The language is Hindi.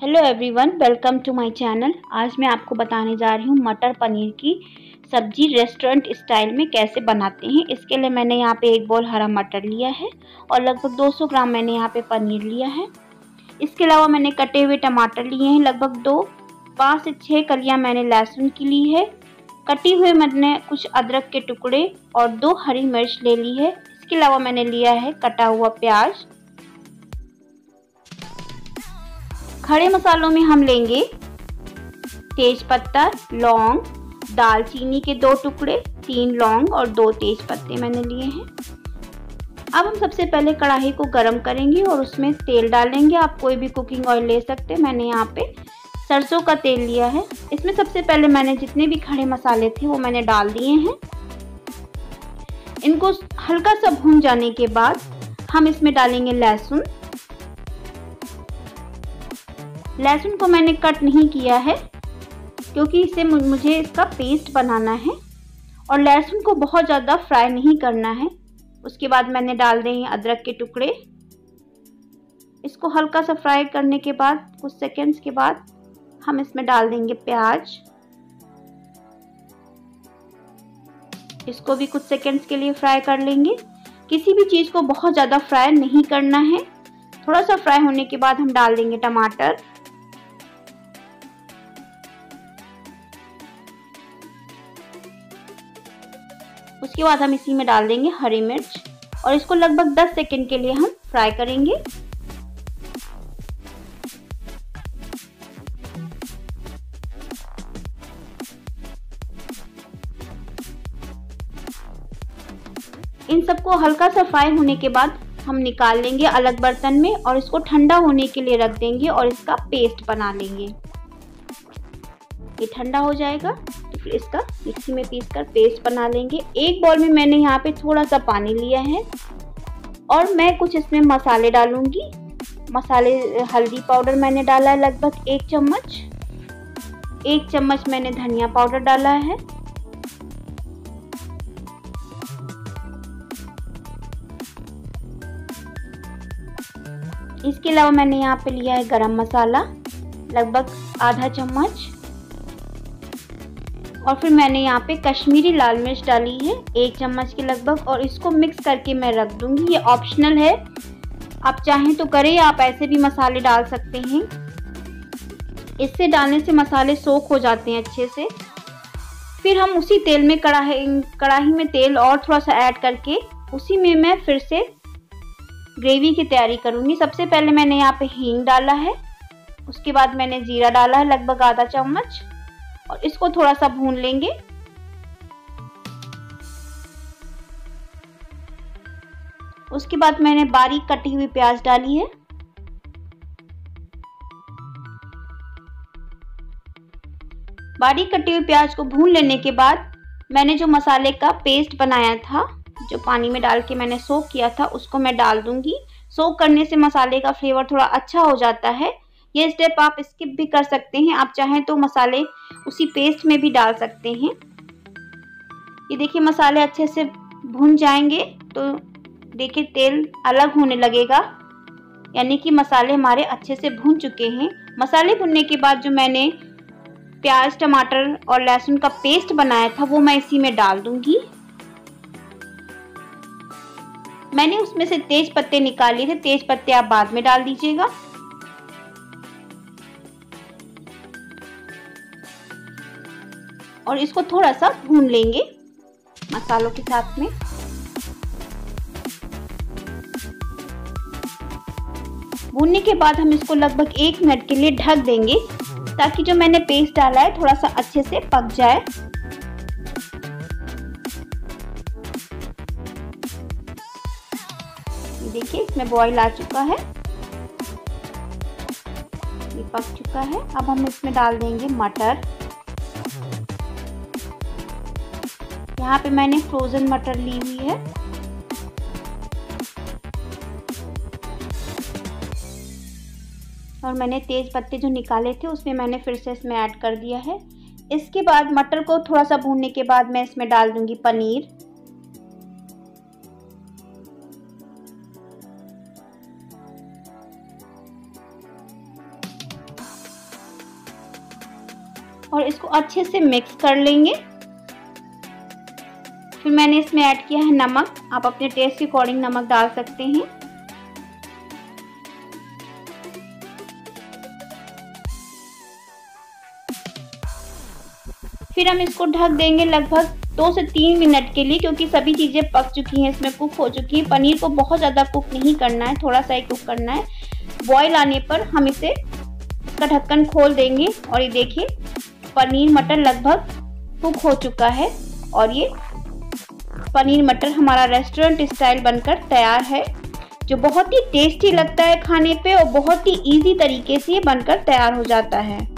hello everyone welcome to my channel आज मैं आपको बताने जा रही हूँ मटर पनीर की सब्जी रेस्टोरेंट स्टाइल में कैसे बनाते हैं इसके लिए मैंने यहाँ पे एक बॉल हरा मटर लिया है और लगभग 200 ग्राम मैंने यहाँ पे पनीर लिया है इसके अलावा मैंने कटे हुए टमाटर लिए हैं लगभग दो पाँच से छः कलियाँ मैंने लहसुन की ली है कटी हुए मैंने कुछ अदरक के टुकड़े और दो हरी मिर्च ले ली है इसके अलावा मैंने लिया है कटा हुआ प्याज खड़े मसालों में हम लेंगे तेज पत्ता लौंग दालचीनी के दो टुकड़े तीन लौंग और दो तेज पत्ते मैंने लिए हैं अब हम सबसे पहले कढ़ाई को गर्म करेंगे और उसमें तेल डालेंगे आप कोई भी कुकिंग ऑयल ले सकते हैं मैंने यहाँ पे सरसों का तेल लिया है इसमें सबसे पहले मैंने जितने भी खड़े मसाले थे वो मैंने डाल दिए हैं इनको हल्का सा भून जाने के बाद हम इसमें डालेंगे लहसुन लहसुन को मैंने कट नहीं किया है क्योंकि इसे मुझे इसका पेस्ट बनाना है और लहसुन को बहुत ज़्यादा फ्राई नहीं करना है उसके बाद मैंने डाल दें अदरक के टुकड़े इसको हल्का सा फ्राई करने के बाद कुछ सेकेंड्स के बाद हम इसमें डाल देंगे प्याज इसको भी कुछ सेकेंड्स के लिए फ्राई कर लेंगे किसी भी चीज़ को बहुत ज़्यादा फ्राई नहीं करना है थोड़ा सा फ्राई होने के बाद हम डाल देंगे टमाटर उसके बाद हम इसी में डाल देंगे हरी मिर्च और इसको लगभग 10 सेकंड के लिए हम फ्राई करेंगे इन सबको हल्का सा फ्राई होने के बाद हम निकाल लेंगे अलग बर्तन में और इसको ठंडा होने के लिए रख देंगे और इसका पेस्ट बना लेंगे ये ठंडा हो जाएगा तो फिर इसका मिक्सी में पीस कर पेस्ट बना लेंगे एक बॉल में मैंने यहाँ पे थोड़ा सा पानी लिया है और मैं कुछ इसमें मसाले डालूंगी मसाले हल्दी पाउडर मैंने डाला है लगभग एक चम्मच एक चम्मच मैंने धनिया पाउडर डाला है इसके अलावा मैंने यहाँ पे लिया है गरम मसाला लगभग आधा चम्मच और फिर मैंने यहाँ पे कश्मीरी लाल मिर्च डाली है एक चम्मच के लगभग और इसको मिक्स करके मैं रख दूँगी ये ऑप्शनल है आप चाहें तो करें आप ऐसे भी मसाले डाल सकते हैं इससे डालने से मसाले सोख हो जाते हैं अच्छे से फिर हम उसी तेल में कड़ाही कड़ाही में तेल और थोड़ा सा ऐड करके उसी में मैं फिर से ग्रेवी की तैयारी करूँगी सबसे पहले मैंने यहाँ पे हींग डाला है उसके बाद मैंने जीरा डाला है लगभग आधा चम्मच और इसको थोड़ा सा भून लेंगे उसके बाद मैंने बारीक कटी हुई प्याज डाली है बारीक कटी हुई प्याज को भून लेने के बाद मैंने जो मसाले का पेस्ट बनाया था जो पानी में डाल के मैंने सोक किया था उसको मैं डाल दूंगी सोक करने से मसाले का फ्लेवर थोड़ा अच्छा हो जाता है ये स्टेप आप स्किप भी कर सकते हैं आप चाहें तो मसाले उसी पेस्ट में भी डाल सकते हैं ये देखिए मसाले अच्छे से भुन जाएंगे तो देखिए तेल अलग होने लगेगा यानी कि मसाले हमारे अच्छे से भून चुके हैं मसाले भुनने के बाद जो मैंने प्याज टमाटर और लहसुन का पेस्ट बनाया था वो मैं इसी में डाल दूंगी मैंने उसमें से तेज पत्ते निकाल लिए थे तेज पत्ते आप बाद में डाल दीजिएगा और इसको थोड़ा सा भून लेंगे मसालों के साथ में भूनने के बाद हम इसको लगभग एक मिनट के लिए ढक देंगे ताकि जो मैंने पेस्ट डाला है थोड़ा सा अच्छे से पक जाए देखिए इसमें बॉईल आ चुका है ये पक चुका है अब हम इसमें डाल देंगे मटर यहाँ पे मैंने फ्रोजन मटर ली हुई है और मैंने तेज पत्ते जो निकाले थे उसमें मैंने फिर से इसमें ऐड कर दिया है इसके बाद मटर को थोड़ा सा भूनने के बाद मैं इसमें डाल दूंगी पनीर और इसको अच्छे से मिक्स कर लेंगे फिर मैंने इसमें ऐड किया है नमक आप अपने टेस्ट के अकॉर्डिंग नमक डाल सकते हैं फिर हम इसको ढक देंगे लगभग दो से तीन मिनट के लिए क्योंकि सभी चीज़ें पक चुकी हैं इसमें कुक हो चुकी है पनीर को बहुत ज़्यादा कुक नहीं करना है थोड़ा सा ही कुक करना है बॉयल आने पर हम इसे इसका ढक्कन खोल देंगे और ये देखिए पनीर मटर लगभग कुक हो चुका है और ये पनीर मटर हमारा रेस्टोरेंट स्टाइल बनकर तैयार है जो बहुत ही टेस्टी लगता है खाने पे और बहुत ही इजी तरीके से ये बनकर तैयार हो जाता है